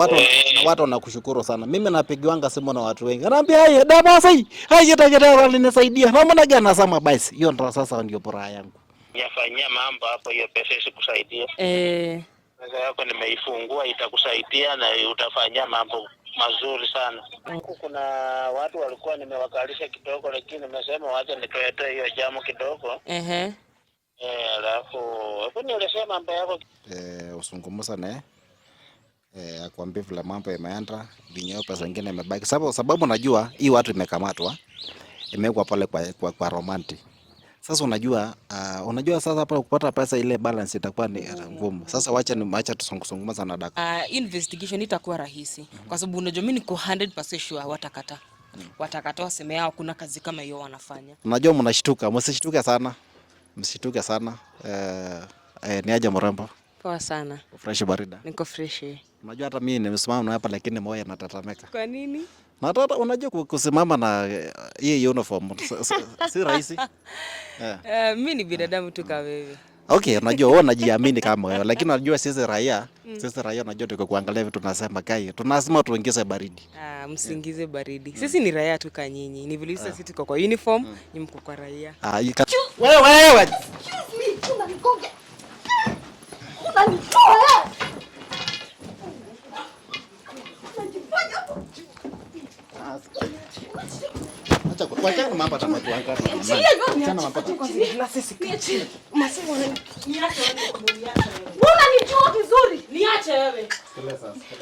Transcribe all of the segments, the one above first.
Watu na eh. watu wanakushukuru sana. Mimi napigiwanga simu na watu wengi. Anaambia haye dama sai. Haya tajadara alinisaidia. Namna gani nasema basi. Hiyo ndo sasa ndio pora yangu. Nyafanyia mambo hapo hiyo pesa isikusaidia. Eh. Pesa yako nimeifungua itakusaidia na utafanyia mambo mazuri sana. Huku mm. kuna watu walikuwa nimewakalisha kidogo lakini nimesema wacha nitoe hiyo jamu kidogo. eh Eh, alafu hapo nilisema mambo yako. Eh, usungumusa naye eh, akuambia vile mambo imeenda, vinyeo pesa nyingine imebaki. Sababu sababu najua hii watu imekamatwa imewekwa pale kwa, kwa, kwa romanti. Sasa unajua uh, unajua sasa hapa kupata pesa ile balance itakuwa ni eh, ngumu. Sasa wacha ni acha tusongusonguma sana daka. Uh, ah, investigation itakuwa rahisi mm -hmm. Kwa sababu unajua mimi niko 100% sure watakata. Watakata waseme yao kuna kazi kama hiyo wanafanya. Unajua mnashtuka, msishtuke sana. Msishtuke sana. Eh, eh, ni aje mrembo. Poa sana. Fresh barida. Niko fresh. Unajua hata mimi nimesimama hapa lakini moyo natetemeka. Kwa nini? Natata, unajua kusimama na eh, hii uniform si rahisi. Eh. eh, mimi ni binadamu tu kama wewe. Okay, unajua wewe unajiamini kama wewe lakini unajua sisi raia, mm. sisi raia unajua tuko kuangalia vitu tunasema kai. Tunasema tuongeze baridi. Ah, msingize yeah. baridi. Sisi ni raia tu kama nyinyi. Ni vile ah. sisi tuko kwa uniform, mm. ni mko kwa raia. Ah, wewe wewe. Excuse me, chunga nikonge. Unanijua vizuri. Niache wewe.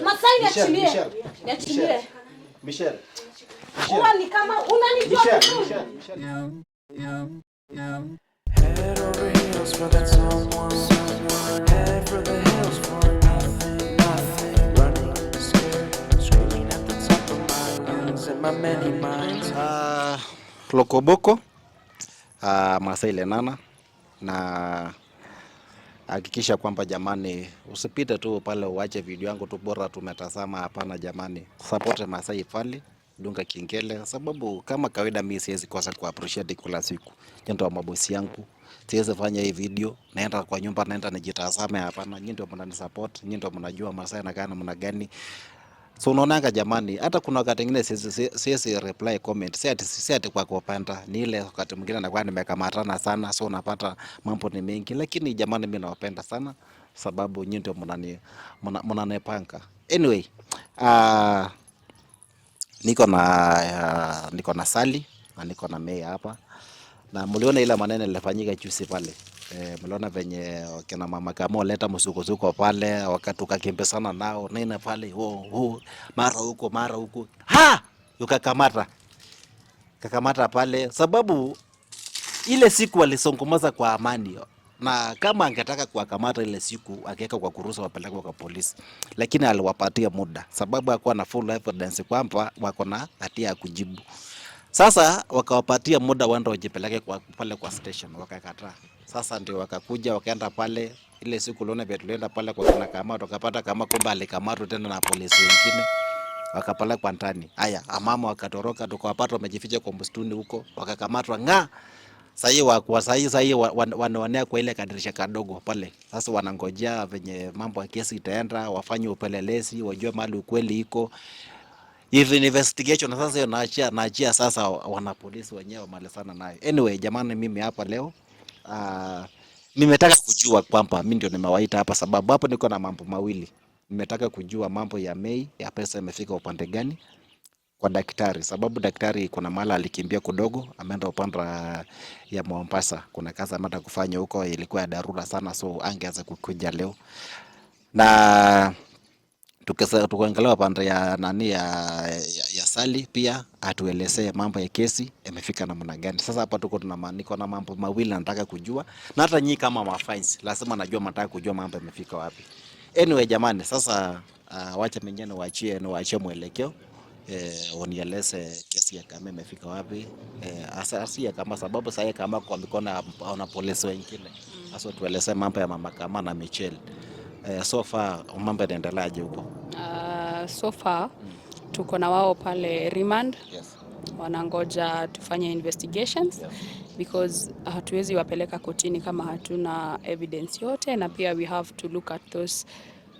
Masai niachilie. Niachilie. Michelle. Uwa ni kama unanijua vizuri. Uh, Lokoboko uh, Masai Lenana, na hakikisha kwamba jamani, usipite tu pale uache video yangu tu, bora tumetazama. Hapana jamani, support Masai Fali, dunga kingele, sababu kama kawaida mimi siwezi kosa ku appreciate kila siku ndio wa mabosi yangu. Siwezi fanya hii video, naenda kwa nyumba, naenda nijitazame. Hapana, nyinyi ndio mnanisupport, nyinyi ndio mnajua Masai na gani mna gani So unaonanga jamani, hata kuna wakati mwingine siwezi reply comment, si ati si ati kwa kupanda, ni ile wakati mwingine nakuwa nimekamatana sana, so unapata mambo ni mengi, lakini jamani, mimi nawapenda sana sababu nyinyi ndio mnani mnanipanga. Anyway, uh, niko na uh, niko na Sally na niko na Mea hapa na mliona ile maneno yalifanyika juzi pale. E, mliona venye kina mama kama waleta msukosuko pale, wakati ukakimbisana nao nina pale huo huo, mara huko mara huko, ha ukakamata kakamata pale, sababu ile siku walisongomaza kwa amani, na kama angetaka kuwakamata ile siku akiweka kwa kurusa wapelekwa kwa polisi, lakini aliwapatia muda, sababu hakuwa na full evidence kwamba wako na hatia ya kujibu. Sasa wakawapatia muda waenda wajipeleke kwa, pale kwa station wakakataa. Sasa ndio wakakuja wakaenda pale ile siku lona vile tulienda pale kwa kuna kamata wakapata kama kumbe alikamatwa tena na polisi wengine wakapala kwa ndani. Haya, amama wakatoroka tukawapata wamejificha kwa msituni huko wakakamatwa ng'a. Sahii wakuwa sahii sahii wanaonea kwa ile kadirisha kadogo pale. Sasa wanangojea venye mambo ya kesi itaenda, wafanye upelelezi, wajue mali ukweli iko if investigation sasa naachia naachia sasa wanapolisi wenyewe wamalizana nayo. Anyway, jamani, mimi hapa leo uh, nimetaka kujua kwamba mimi ndio nimewaita hapa, sababu hapo niko na mambo mawili. Nimetaka kujua mambo ya Mei ya pesa imefika upande gani kwa daktari, sababu daktari kuna mala alikimbia kidogo, ameenda upande ya Mombasa, kuna kazi ameenda kufanya huko, ilikuwa ya dharura sana, so angeanza kukuja leo na Tukiangaliwa pande ya nani ya, ya, ya Sally pia atuelezee mambo ya kesi yamefika namna gani. Sasa hapa tuko tunamaaniko na mambo mawili nataka kujua, na hata nyinyi kama mafans lazima najua mnataka kujua mambo yamefika wapi. Anyway jamani, sasa uh, wacha mwenyewe niwaachie niwaachie mwelekeo eh, unieleze kesi ya kama imefika wapi eh, asasi ya kama sababu sasa kama kwa mikono na polisi wengine. Sasa tueleze mambo ya mama kama na Michelle. Uh, so far mambo yanaendeleaje huko? Uh, so far tuko na wao pale remand. Yes. Wanangoja tufanye investigations. Yeah. Because hatuwezi wapeleka kotini kama hatuna evidence yote na pia we have to look at those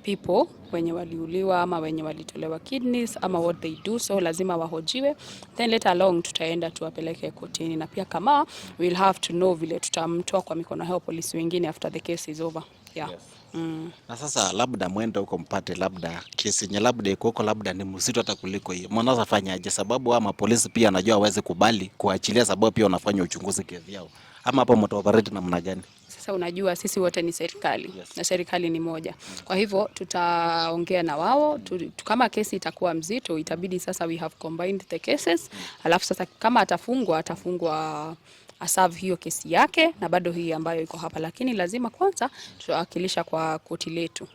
people wenye waliuliwa ama wenye walitolewa kidneys ama what they do, so lazima wahojiwe, then later along tutaenda tuwapeleke kotini, na pia kama we'll have to know vile tutamtoa kwa mikono yao polisi wengine after the case is over. Yeah. Yes. Mm. Na sasa labda mwenda huko mpate labda kesi yenye labda iko huko labda ni mzito hata kuliko hiyo. Mwanaweza fanyaje? Sababu ama polisi pia anajua hawezi kubali kuachilia, sababu pia wanafanya uchunguzi kesi yao. Ama hapo mtaoperate namna gani? Sasa unajua sisi wote ni serikali yes. Na serikali ni moja, mm. kwa hivyo tutaongea na wao tu, kama kesi itakuwa mzito itabidi sasa we have combined the cases, mm. alafu sasa kama atafungwa atafungwa aserve hiyo kesi yake na bado hii ambayo iko hapa, lakini lazima kwanza tutawakilisha kwa koti letu.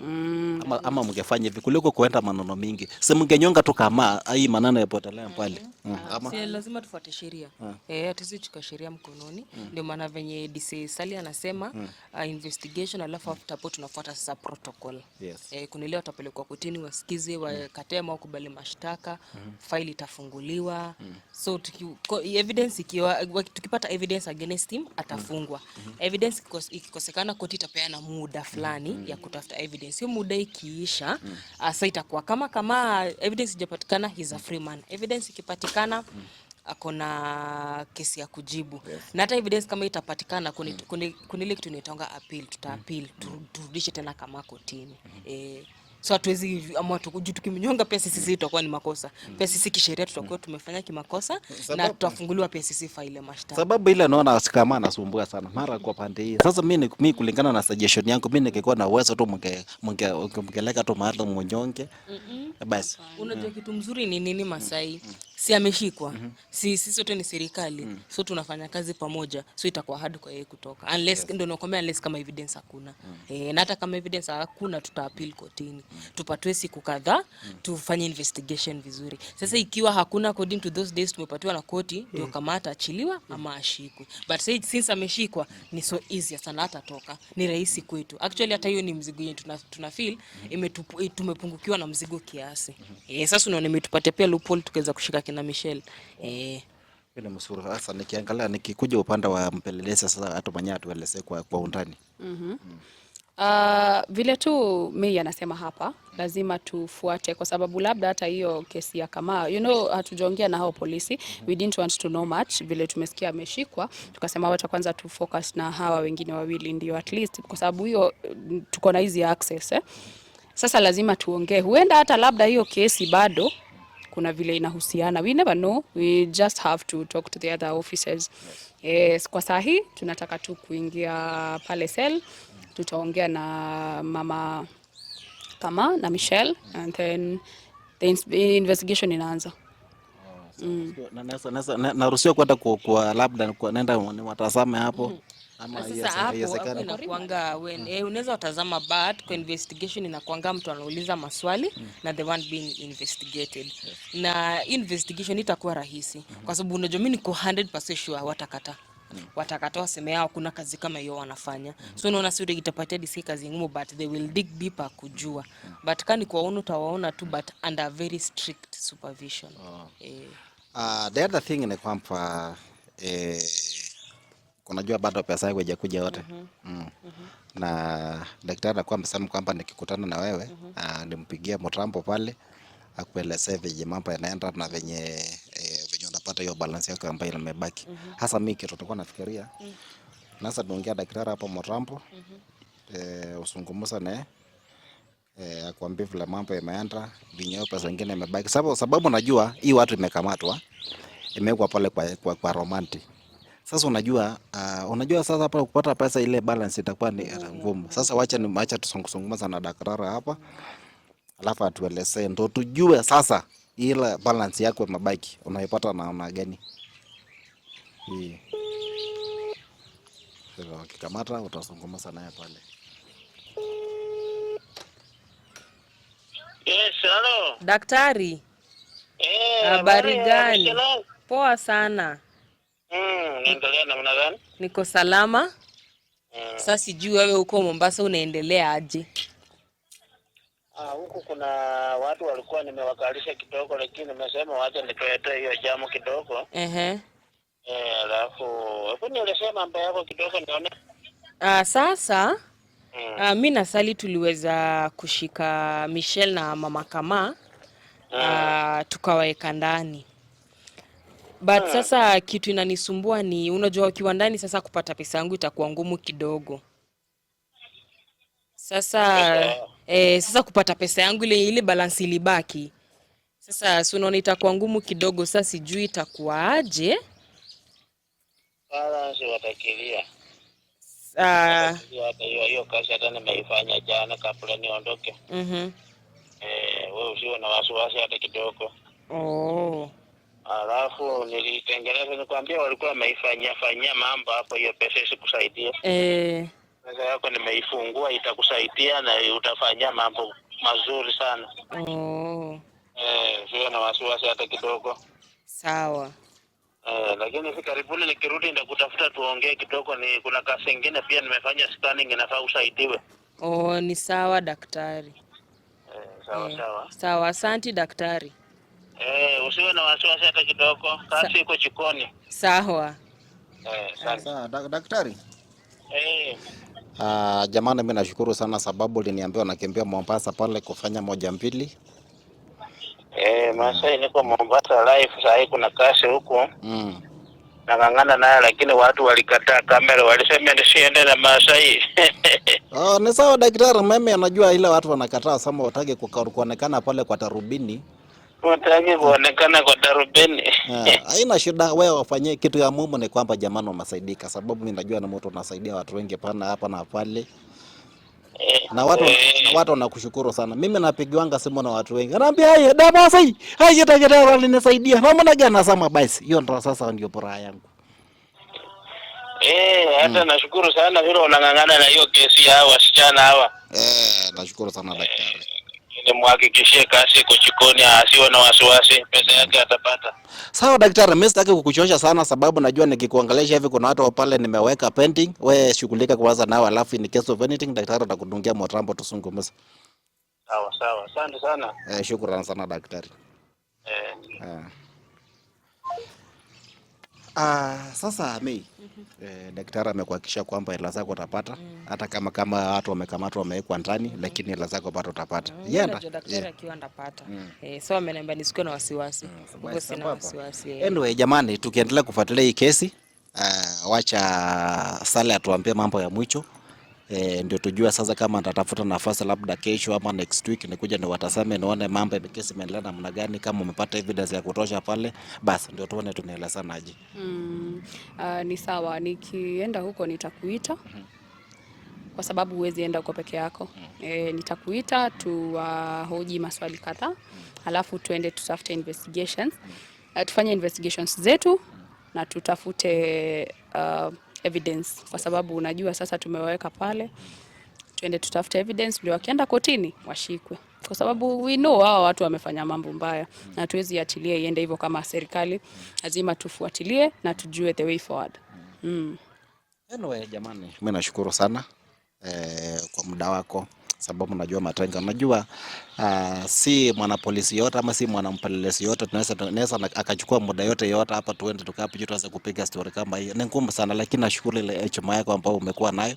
Mm. Ama, ama mngefanya hivi kuliko kuenda maneno mingi, si mngenyonga tu kama ah, hii maneno yapotelea mbali. mm. mm. Ah, ama... si lazima tufuate sheria mm. eh, hatuwezi kuchukua sheria mkononi mm. Ndio maana venye DC Sali anasema mm. uh, investigation, alafu after hapo tunafuata sasa protocol yes. eh, kuna ile watapelekwa kotini wasikize mm. wakatae au wakubali mashtaka mm. Mm-hmm. faili itafunguliwa mm. so tuki, ko, evidence ikiwa tukipata evidence against him atafungwa mm. Mm-hmm. evidence ikikosekana koti itapeana muda fulani mm. ya kutafuta evidence yake, sio muda ikiisha mm. Ah, Sasa itakuwa kama kama evidence ijapatikana, he's a free man. Evidence ikipatikana mm akona kesi ya kujibu yes. Na hata evidence kama itapatikana kuni mm. ile kitu inaitanga appeal, tuta mm. appeal turudishe tena kama kotini mm -hmm. eh So hatuwezi amua tukuju tukimnyonga PCC itakuwa ni makosa. PCC kisheria tutakuwa mm. tumefanya kimakosa na tutafunguliwa PCC faile mashtaka. Sababu ile naona asikama anasumbua sana mara kwa pande hii. Sasa mimi mimi kulingana na suggestion yangu mimi ningekuwa na uwezo tu mke mke mkeleka tu mahali mnyonge. Basi. Unajua kitu mzuri ni nini Masai? si ameshikwa mm -hmm. si sote ni serikali mm -hmm. so tunafanya kazi pamoja, so itakuwa hard kwa yeye kutoka unless yes. Ndio nakwambia unless kama evidence hakuna mm -hmm. E, na hata kama evidence hakuna tuta appeal kotini mm -hmm. tupatwe siku kadhaa mm -hmm. tufanye investigation vizuri sasa, mm -hmm. ikiwa hakuna according to those days tumepatiwa na koti mhm. ndio mm -hmm. kama hata mm -hmm. ama mhm. ashikwe, but say since ameshikwa mhm. ni so easy sana, hata toka ni rahisi kwetu actually, hata hiyo ni mzigo yetu tuna, tuna feel mm -hmm. imetupungukiwa eh, na mzigo kiasi mm -hmm. E, sasa unaona imetupatia pia loophole tukaweza kushika kina Michelle eh msuru sasa, nikiangalia nikikuja upande wa mpelelezi sasa, hata mwenyewe atuelezee kwa, kwa undani mhm. mm -hmm. mm. Uh, vile tu mimi anasema hapa lazima tufuate kwa sababu labda hata hiyo kesi ya Kamaa you know, hatujaongea na hao polisi mhm. we didn't want to know much. Vile tumesikia ameshikwa, tukasema wacha kwanza tu focus na hawa wengine wawili ndio at least, kwa sababu hiyo tuko na hizi access eh. Sasa lazima tuongee, huenda hata labda hiyo kesi bado kuna vile inahusiana. We never know, we just have to talk to the other officers. Yes, kwa sahi tunataka tu kuingia pale cell, tutaongea na mama kama na Michelle and then the investigation inaanza. Mm. Naruhusiwa kwenda kwa labda nenda watazame hapo. Mm inakuanga when eh, unaweza watazama but kwa investigation inakuanga mtu anauliza maswali mm. na the one being investigated yes. na investigation itakuwa rahisi mm -hmm. kwa sababu unajua mimi niko 100% sure watakata mm. watakatoa sema yao kuna kazi kama hiyo wanafanya mm -hmm. so unaona sio itapatia DC kazi ngumu but they will dig deeper kujua mm but kani kwa uno tawaona tu but under very strict supervision oh. eh. uh, the other thing ni kwamba eh, unajua bado pesa yangu haijakuja yote mhm. mm -hmm. mm. mm -hmm. na daktari anakuwa amesema kwamba nikikutana na wewe mm -hmm. nimpigie mtambo pale akuelezee venye mambo yanaenda na venye e, venye unapata hiyo balance yako ambayo imebaki mm -hmm. hasa mimi kitu tulikuwa nafikiria mm -hmm. nasa tuongea daktari hapo mtambo mm -hmm. e, eh, usungumuza na eh, akwambie vile mambo yameenda vinyo pesa zingine imebaki, sababu sababu najua hii watu imekamatwa imewekwa pale kwa, kwa, kwa romanti sasa unajua uh, unajua sasa hapa kupata pesa ile balance itakuwa ni eh, ngumu. Sasa wacha ni acha tusungumza na daktari hapa. Alafu atuelezee ndo tujue sasa ile balance yako mabaki unaipata na una gani. Hii. Sasa ukikamata utasungumza naye pale. Yes, hello. Daktari. Eh, habari gani? Poa sana. Mm, Niko salama. Mm. Sasa sijui wewe huko Mombasa unaendelea aje? Ah, huku kuna watu walikuwa nimewakalisha kidogo, lakini nimesema wacha nitoetoe hiyo jamu kidogo. Eh, alafu hebu nielezee mambo yako kidogo nione. Ah, sasa Mm. Uh, mi na Sali tuliweza kushika Michelle na mama Kama mm. Uh, ah, tukawaweka ndani But ha. Ah. Sasa kitu inanisumbua ni unajua, ukiwa ndani sasa kupata pesa yangu itakuwa ngumu kidogo sasa eh, sasa kupata pesa yangu ile ile balance ilibaki sasa, si unaona itakuwa ngumu kidogo. Sasa sijui itakuwaaje. Ah. Hiyo kazi hata nimeifanya jana kabla niondoke, mhm. eh, wewe usiwe na wasiwasi hata kidogo. Oh. Alafu nilitengeneza nikwambia, walikuwa wameifanyia fanyia mambo hapo, hiyo pesa isikusaidia eh. Pesa yako nimeifungua itakusaidia na utafanyia mambo mazuri sana oh. Eh, sio na wasiwasi hata kidogo. Sawa. Eh, lakini hivi karibuni nikirudi ndakutafuta tuongee kidogo, ni kuna kazi ingine pia nimefanya scanning, inafaa usaidiwe. Oh, ni sawa daktari. Eh, sawa eh, sawa. Sawa, asanti daktari. Eh, usiwe na wasiwasi hata kidogo. Kazi iko chikoni. Sawa. Eh, sasa eh, daktari. Eh. Ah, jamani mimi nashukuru sana sababu liniambia nakimbia Mombasa pale kufanya moja mbili. Eh, Masai niko Mombasa live saa hii kuna kasi huko. Mm. Nang'ang'ana naye lakini watu walikataa kamera, walisema nisiende na Masai. Oh, ni sawa daktari, mimi anajua ile watu wanakataa, sema watake kuonekana pale kwa tarubini utaki kuonekana kwa darubini. Ah, haina shida, wewe wafanyie kitu ya muhimu ni kwamba jamani wamesaidika, sababu mimi najua na moto unasaidia watu wengi pana hapa na pale eh, na watu eh. na watu wanakushukuru sana. Mimi napigiwanga simu na watu wengi, anaambia haya dama sai haye dawa linisaidia na mbona gani, nasema basi hiyo ndo sasa ndio bora yangu. Eh, hata mm. nashukuru sana vile unang'ang'ana na hiyo kesi ya wasichana hawa. Eh, nashukuru sana daktari. Eh nimhakikishie kasi kuchikoni, asiwe na wasiwasi, pesa yake atapata. Sawa daktari, mimi sitaki kukuchosha sana, sababu najua nikikuangalia hivi kuna watu pale nimeweka pending. we shughulika kwanza nao, alafu in case of anything daktari atakudungia motrambo tusungumze. Sawa sawa, asante sana. Eh, shukrani sana daktari. Eh. eh. Ah, sasa Mei mm -hmm. eh, daktari amekuhakikisha kwamba hela zako utapata mm -hmm. hata kama kama watu wamekamatwa wamewekwa ndani mm -hmm. lakini hela zako bado utapata. mm -hmm. Yenda daktari yeah. akiwa ndapata mm -hmm. eh, so ameniambia nisikuwe na wasiwasi mm -hmm. Sina wasiwasi yeah. Anyway, jamani tukiendelea kufuatilia hii kesi uh, wacha Sale atuambie mambo ya mwicho e, ndio tujue sasa kama atatafuta nafasi labda kesho ama next week, nikuja ni watasame nione mambo ya kesi imeendelea namna gani. Kama umepata evidence ya kutosha pale, basi ndio tuone tunaelezana aje. Mm, uh, ah, ni sawa, nikienda huko nitakuita mhm. kwa sababu huwezi enda huko peke yako. E, nitakuita tuwahoji uh, maswali kadhaa, mhm. alafu tuende tutafute investigations uh, tufanye investigations zetu na tutafute uh, evidence, kwa sababu unajua sasa tumewaweka pale, tuende tutafute evidence ndio wakienda kotini washikwe, kwa sababu we know hawa watu wamefanya mambo mbaya na tuwezi iachilia iende hivyo. Kama serikali lazima tufuatilie na tujue the way forward. Mm. Anyway, jamani, mimi nashukuru sana eh, kwa muda wako sababu najua Matenga, najua uh, ah, si mwanapolisi yote ama si mwanampelelezi yote tunaweza akachukua muda yote yote hapa, tuende tukapi tuanze kupiga story kama hii. Ni ngumu sana, lakini nashukuru ile heshima yako ambayo umekuwa nayo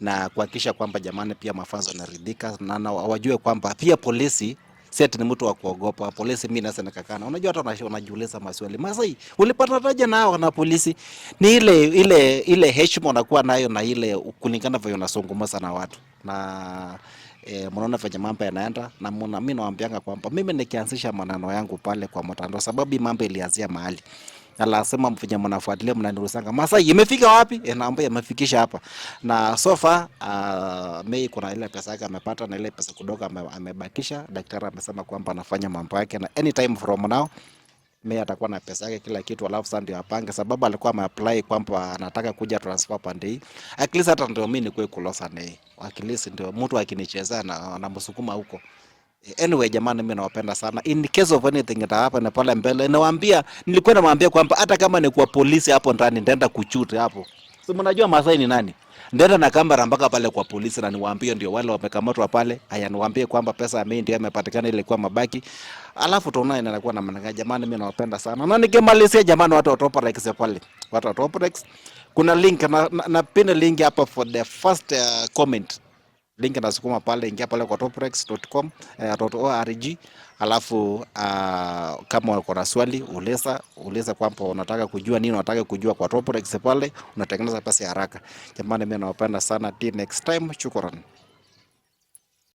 na kuhakikisha kwamba jamani, pia mafanzo yanaridhika na, na wajue kwamba pia polisi Si ati ni mtu wa kuogopa polisi. Mimi nasa unajua hata wanajiuliza maswali Masai, ulipata taja nao na polisi? Ni ile ile ile heshima unakuwa nayo na ile kulingana vile unasungumza na watu na E, mnaona venye mambo yanaenda na mimi nawaambianga kwamba mimi nikianzisha maneno yangu pale kwa mtandao, sababu mambo ilianzia mahali na lazima mfanye mnafuatilia mnanirusanga Masai imefika wapi? E, eh, naomba yamefikisha hapa na sofa uh, ah, Mei kuna ile pesa yake amepata na ile pesa kidogo amebakisha. Daktari amesema kwamba anafanya mambo yake na anytime from now Mei atakuwa na pesa yake kila kitu, alafu sasa ndio apange, sababu alikuwa ameapply kwamba anataka kuja transfer pande hii. At least hata ndio mimi nikuwe kulosa nei, at least ndio mtu akinicheza na namsukuma huko Anyway, jamani, mimi nawapenda sana. In case of anything that happen pale mbele, niwaambia nilikuwa namwambia kwamba hata kama ni kwa polisi hapo ndani nitaenda kuchute hapo. So mnajua Masai ni nani? Ndenda na kamera mpaka pale kwa polisi na niwaambie ndio wale wamekamatwa pale. Aya, niwaambie kwamba pesa ya mimi ndio imepatikana ile kwa mabaki. Alafu tunaona inakuwa na maana. Jamani, mimi nawapenda sana. Na nikimalizia jamani, watu watopa likes pale. Watu watopa likes. Kuna link na, na, na pin link hapa for the first uh, comment link nasukuma pale, ingia pale kwa toprex.com eh, .org, alafu uh, kama uko na swali uleza uleza kwamba unataka kujua nini, unataka kujua kwa toprex pale, unatengeneza pasi haraka. Jamani, mimi nawapenda sana, till next time, shukrani.